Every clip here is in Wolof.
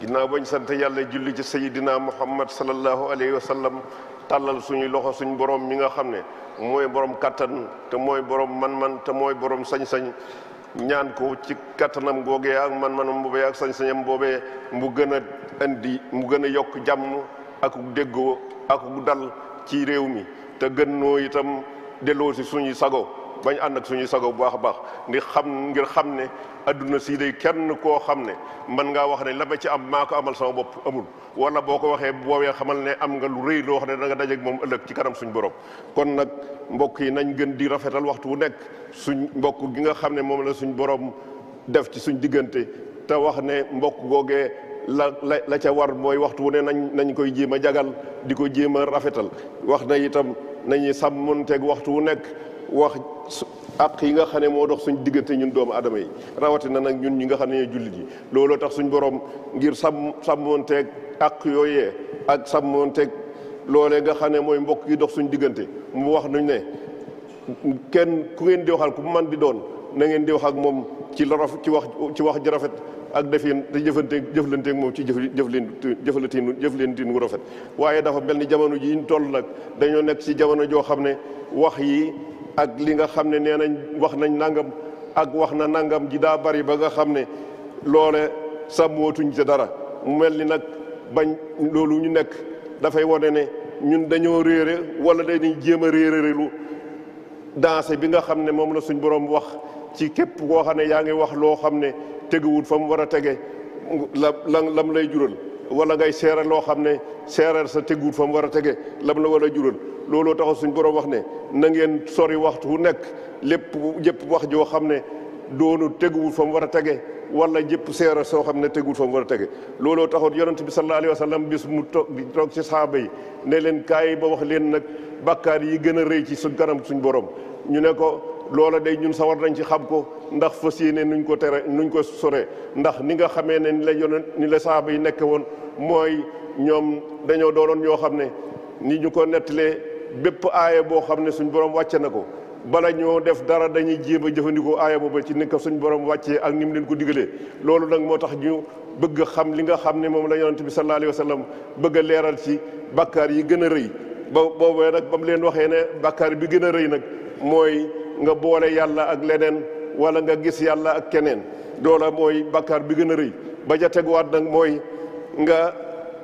ginnaaw bañ sant yàlla julli ci sayidina muhammad sallallahu alayhi wa sallam tàllal suñu loxo suñu borom mi nga xam ne mooy borom kattan te mooy borom man-man te mooy borom sañ-sañ ñaan ko ci kattanam googee ak man man mboobee ak sañ-sañam boobee mu gën a indi mu gën a yokk jàmm ak déggoo ak dal ci réew mi te gën noo itam delloo si suñu sago bañ ànd ak suñuy sago bu baax a baax ndi xam ngir xam ne adduna sii day kenn koo xam ne mën ngaa wax ne la ma ci am maa ko amal sama bopp amul wala boo ko waxee boobee xamal ne am nga lu rëy loo wax ne da nga moom ëllëg ci kanam suñ borom kon nag mbokk yi nañ gën di rafetal waxtu wu nekk suñ mbokk gi nga xam ne moom la suñ borom def ci suñ diggante te wax ne mbokk googee la la la ca war mooy waxtu wu ne nañ nañ koy jéem a jagal di ko jéem rafetal wax na itam nañuy sàmmonteeg waxtu wu nekk wax ak yi nga xam ne moo dox suñ diggante ñun doomu aadama yi rawatina nag ñun ñi nga xam ne ñooy jullit yi looloo tax suñ borom ngir sàmm sàmmonteeg ak yooyee ak sàmmonteeg loolee nga xam ne mooy mbokk yi dox suñ diggante mu wax nuñ ne kenn ku ngeen di waxal ku man di doon na ngeen di ak moom ci lorof ci wax ci wax ji rafet ak defin te jëfante jëflante moom ci jëf jëflantiin jëflantiin wu rafet waaye dafa mel ni jamono ji ñu toll nag dañoo nekk si jamono joo xam ne wax yi ak li nga xam ne nee nañ wax nañ nangam ak wax na nangam ji daa bari ba nga xam ne loole sàmmootuñ ci dara mel ni nag bañ loolu ñu nekk dafay wane ne ñun dañoo réere wala dañuy jéem a réerérelu dansé bi nga xam ne moom la suñ borom wax ci képp koo xam ne yaa ngi wax loo xam ne teguwul fa mu war a tege la lam lay jural wala ngay seere loo xam ne seereer sa teguut fa mu war a tege lam la war a jural looloo taxa suñ borom wax ne na ngeen sori waxtu wu nekk lépp jëpp wax joo xam ne doonu teguwul fa mu war a tege wala jëpp seere soo xam ne teguwul fa mu war a tege looloo taxoon yonent bi sallallahu alayhi wa sallam bis mu toog di toog ci saaba yi ne leen kaay ba wax leen nag bàkkaar yi gën a rëy ci suñ kanam suñ borom ñu ne ko loola day ñun sawar nañ ci xam ko ndax fas yéene nuñ ko tere nuñ ko sore ndax ni nga xamee ne ni la yonent ni la saaba yi nekk woon mooy ñoom dañoo doonoon ñoo xam ne ni ñu ko nettalee bépp aaya boo xam ne suñ borom wàcce na ko bala ñoo def dara dañuy jéem a jëfandikoo aaya booba ci ni ko suñ borom wàccee ak ni mu leen ko digalee loolu nag moo tax ñu bëgg xam li nga xam ne moom la yonent bi sallallahu alayhi wa sallam bëgg leeral ci bàkkaar yi gën a rëy ba boobee nag ba mu leen waxee ne bàkkaar bi gën a rëy nag mooy nga boole yàlla ak leneen wala nga gis yàlla ak keneen loola mooy bakkaar bi gën a rëy ba ja teguwaat nag mooy nga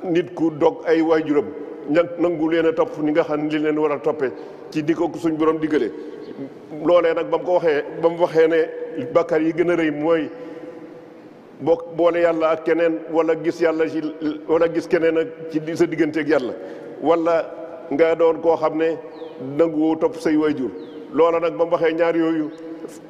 nit ku dog ay waajuram ña nangu leen topp ni nga xam ne leen war toppee ci di ko suñ borom diggale loolee nag ba ko waxee ba mu waxee ne bakkaar yi gën a rëy mooy bokk boole yàlla keneen wala gis yàlla ci wala gis keneen ak ci sa digganteeg yàlla wala nga doon koo xam ne nanguwoo topp say waajur loola nag ba mu waxee ñaar yooyu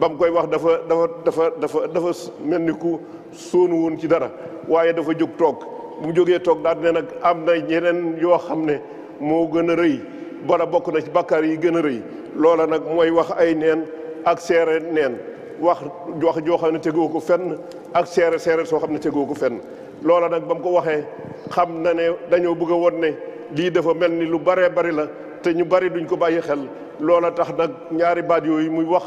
ba mu koy wax dafa dafa dafa dafa dafa mel ni ku sóonu ci dara waaye dafa jóg toog mu jógee toog daal ne nag am na ñeneen yoo xam ne moo gën a rëy bala bokk na ci bakkaar yi gën a rëy loola nag mooy wax ay neen ak seere neen wax wax joo xam ne ko fenn ak seere seere soo xam ne tegoo ko fenn loola nag ba mu ko waxee xam na ne dañoo bëgg a woon ne lii dafa mel ni lu baree bari la te ñu bari duñ ko bàyyi xel loola tax nag ñaari baat yooyu muy wax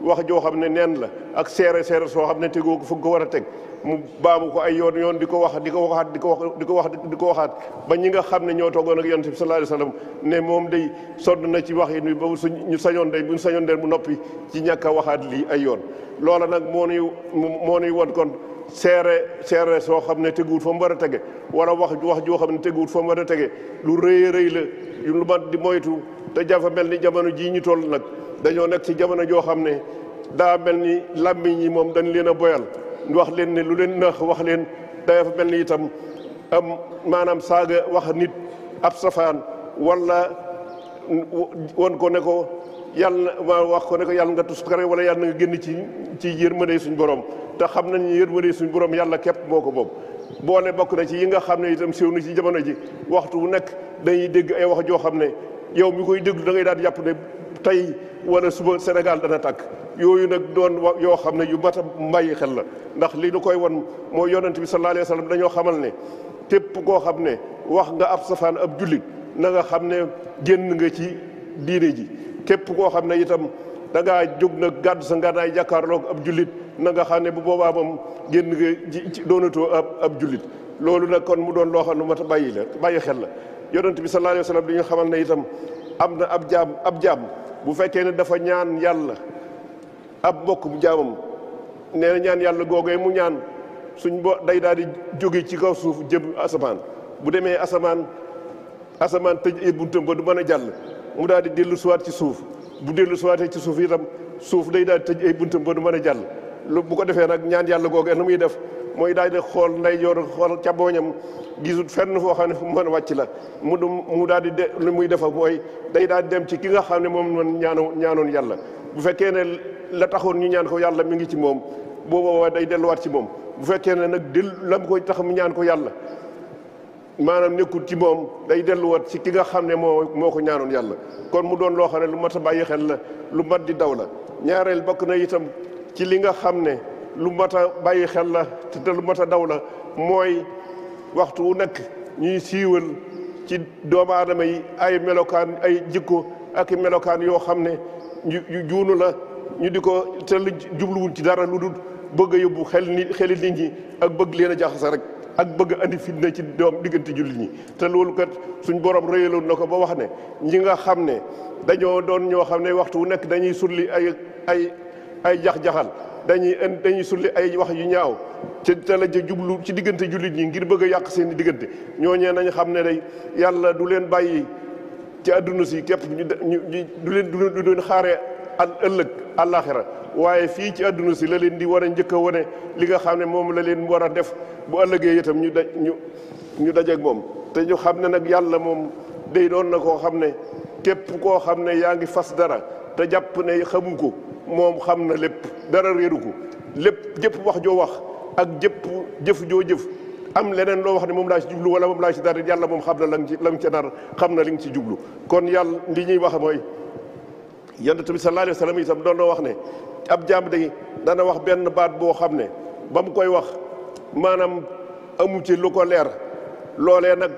wax joo xam ne neen la ak seere seere soo xam ne tegoo ko fu ko war a teg mu baamu ko ay yoon yoon di ko wax di ko waxaat di ko wax di ko wax di ko waxaat ba ñi nga xam ne ñoo toogoon ak yonent bi sallallahu alayhi wasallam ne moom day sodd na ci wax yi ba suñ ñu sañoon day buñ sañoon day mu noppi ci ñàkk a waxaat lii ay yoon loola nag moo nuy moo nuy won kon seere seere soo xam ne teguwul fa mu war a tege wala wax wax joo xam ne teguwul fa mu war a tege lu rëy rëy la lu mat di moytu te jafa mel ni jamono jii ñu toll nag dañoo nekk ci jamono joo xam ne daa mel ni làmmiñ yi moom dañ leen a boyal wax leen ne lu leen nax wax leen fa mel ni itam am maanaam saaga wax nit ab safaan wala won ko ne ko yàlla na wax ko ne ko yàlla nga tuskare wala yàlla nga génn ci ci yërmande suñ borom te xam nañ yërmande suñ borom yàlla kepp moo ko boobu. boole bokk na ci yi nga xam ne itam siiw na ci jamono ji waxtu wu nekk dañuy dégg ay wax joo xam ne yow mi koy dégg da ngay daan jàpp ne tey wala suba Sénégal dana takk yooyu nag doon yoo xam ne yu mat a bàyyi xel la ndax lii nu koy won mooy yonent bi sallallahu alayhi dañoo xamal ne képp koo xam ne wax nga ab safaan ab jullit. na nga xam ne génn nga ci diine ji képp koo xam ne itam da ngaa jóg nag gàddu sa ngànnaay jàkkaarloog ab jullit na nga xam ne bu boobaa moom génn nga ci doonatoo ab ab jullit loolu nag kon mu doon loo xam ne mat bàyyi la bàyyi xel la yonent bi sallallahu alayhi wa sallam di ñu xamal ne itam am na ab jaam ab jaam bu fekkee ne dafa ñaan yàlla ab mbokk bu jaamam nee na ñaan yàlla googee mu ñaan suñ bo day daal di jóge ci kaw suuf jëm asamaan bu demee asamaan asamaan tëj ay buntam ba du mën a jàll mu daal di dellu siwaat ci suuf bu dellu siwaatee ci suuf yi itam suuf day daal di tëj ay buntam ba du man a jàll lu bu ko defee nag ñaan yàlla googu nu muy def mooy daal di xool nday yoor xool cabooñam gisut fenn foo xam ne fu a wàcc la mu du mu daal di de lu muy defa mooy day daal di dem ci ki nga xam ne moom man ñaano ñaanoon yàlla bu fekkee ne la taxoon ñu ñaan ko yàlla mi ngi ci moom boobu day delluwaat ci moom bu fekkee ne nag del la mu koy tax mu ñaan ko yàlla maanaam nekkul ci moom day delluwaat ci ki nga xam ne moo moo ko ñaanoon yàlla kon mu doon loo xam ne lu mat a bàyyi xel la lu mat di daw la ñaareel bokk na itam ci li nga xam ne lu mat a bàyyi xel la te lu mat a daw la mooy waxtu nekk ñuy siiwal ci doomu aadama yi ay melokaan ay jikko ak melokaan yoo xam ne yu juunu la ñu di ko te jubluwul ci dara lu dul bëgg a yóbbu xel ni xeli nit ñi ak bëgg leen a jaxase rek ak bëgg andi fitna ci doom diggante jullit ñi te loolu kat suñ boroom rëyaloon na ko ba wax ne ñi nga xam ne dañoo doon ñoo xam ne waxtu wu nekk dañuy sulli ay ay ay jax-jaxal dañuy dañuy sulli ay wax yu ñaaw ci te la ji jublu ci diggante jullit ñi ngir bëgg yàq seen i diggante ñooñee nañ xam ne day yàlla du leen bàyyi ci àdduna si képp ñu du leen du leen xaaree al ëllëg àllaaxira waaye fii ci àdduna si la leen di war a njëkk a wane li nga xam ne moom la leen war a def bu ëllëgee itam ñu daj ñu ñu dajeeg moom te ñu xam ne nag yàlla moom day doon na koo xam ne képp koo xam ne yaa ngi fas dara te jàpp ne xamu ko moom xam na lépp dara réeru ko lépp jëpp wax joo wax ak jëpp jëf joo jëf am leneen loo wax ne moom laa ci jublu wala moom laa ci dara yàlla moom xam na la nga ci la nga ca dara xam na li nga ci jublu kon yàlla li ñuy wax mooy yonent bi sallallahu alayhi wa sallam itam doon na wax ne ab jaam day dana wax benn baat boo xam ne ba mu koy wax maanaam amu ci lu ko leer loolee nag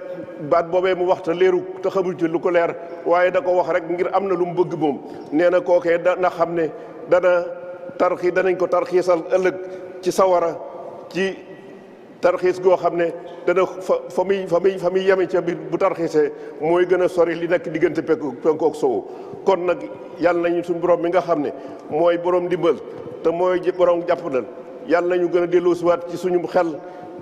baat boo boobee mu wax te leeru te xamul ci lu ko leer waaye da ko wax rek ngir am na lu mu bëgg moom nee na kookee na xam ne dana tarxi danañ ko tarxiisal ëllëg ci sawara ci tarxiis goo xam ne dana fa fa muy fa muy fa muy yeme ca biir bu tarxiisee mooy gën a sori li nekk diggante penku penku ak kon nag yàlla nañu suñ borom mi nga xam ne mooy borom ndimbal te mooy borom jàppandal yàlla nañu gën a delloosiwaat ci suñu xel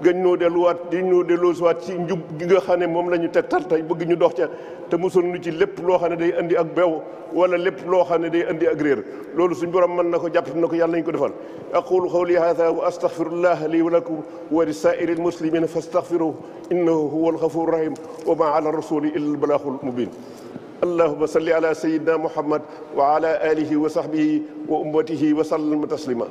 gën ñoo delluwaat di ñoo delloosiwaat ci njub gi nga xam ne moom la ñu tegtal tey bëgg ñu dox ca te mosul nu ci lépp loo xam ne day andi ak bew wala lépp loo xam ne day andi ak réer loolu suñu borom mën na ko jàpp na ko yàlla nañu ko defal aqulu qawli hadha wa astaghfirullah li wa lakum wa li sa'iri al muslimina fastaghfiruhu innahu huwa al ghafur rahim wa ma ala rasuli illa al balaghul mubin allahuma salli ala sayidina muhammad wa ala alihi wa sahbihi wa ummatihi wa sallama taslima